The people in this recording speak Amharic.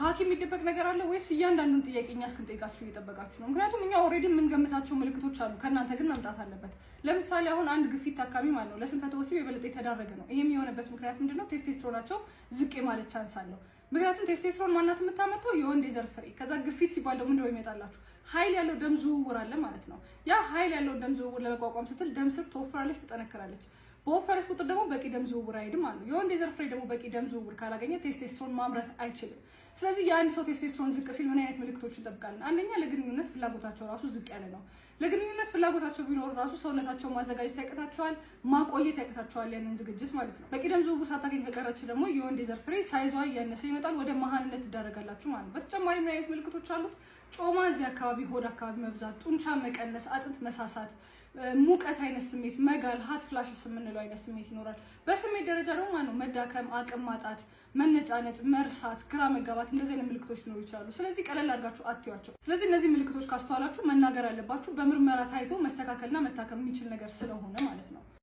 ከሐኪም የሚደበቅ ነገር አለ ወይስ እያንዳንዱን ጥያቄ እኛ እስክንጠይቃችሁ እየጠበቃችሁ ነው? ምክንያቱም እኛ ኦልሬዲ የምንገምታቸው ምልክቶች አሉ፣ ከእናንተ ግን መምጣት አለበት። ለምሳሌ አሁን አንድ ግፊት ታካሚ ማለት ነው ለስንፈተ ወሲብ የበለጠ የተዳረገ ነው። ይሄም የሆነበት ምክንያት ነው? ቴስቴስትሮናቸው ዝቅ የማለት ቻንስ አለው። ምክንያቱም ቴስቴስትሮን ማናት የምታመርተው የወንድ የዘር ፍሬ። ከዛ ግፊት ሲባል ደግሞ ምንድነው ይመጣላችሁ? ኃይል ያለው ደም ዝውውር አለ ማለት ነው። ያ ኃይል ያለው ደም ዝውውር ለመቋቋም ስትል ደም ስር ትወፍራለች፣ ትጠነክራለች። በወፈረች ቁጥር ደግሞ በቂ ደም ዝውውር አይሄድም አሉ። የወንድ የዘር ፍሬ ደግሞ በቂ ደም ዝውውር ካላገኘ ቴስቴስትሮን ማምረት አይችልም። ስለዚህ የአንድ ሰው ቴስቴስትሮን ዝቅ ሲል ምን አይነት ምልክቶች እንጠብቃለን? አንደኛ ለግንኙነት ፍላጎታቸው ራሱ ዝቅ ያለ ነው። ለግንኙነት ፍላጎታቸው ቢኖሩ ራሱ ሰውነታቸው ማዘጋጀት ያቅታቸዋል፣ ማቆየት ያቅታቸዋል፣ ያንን ዝግጅት ማለት ነው። በቂ ደም ዝውውር ሳታገኝ ከቀረች ደግሞ የወንድ የዘር ፍሬ ሳይዟ እያነሰ ይመጣል፣ ወደ መሀንነት ትዳረጋላችሁ ማለት ነው። በተጨማሪ ምን አይነት ምልክቶች አሉት? ጮማ እዚህ አካባቢ ሆድ አካባቢ መብዛት፣ ጡንቻ መቀነስ፣ አጥንት መሳሳት፣ ሙቀት አይነት ስሜት መጋል፣ ሀት ፍላሽስ የምንለው አይነት ስሜት ይኖራል። በስሜት ደረጃ ደግሞ ማነው መዳከም፣ አቅም ማጣት፣ መነጫነጭ፣ መርሳት፣ ግራ መጋባት እንደዚህ አይነት ምልክቶች ሊኖሩ ይችላሉ። ስለዚህ ቀለል አድርጋችሁ አትዩዋቸው። ስለዚህ እነዚህ ምልክቶች ካስተዋላችሁ መናገር አለባችሁ በምርመራ ታይቶ መስተካከልና መታከም የሚችል ነገር ስለሆነ ማለት ነው።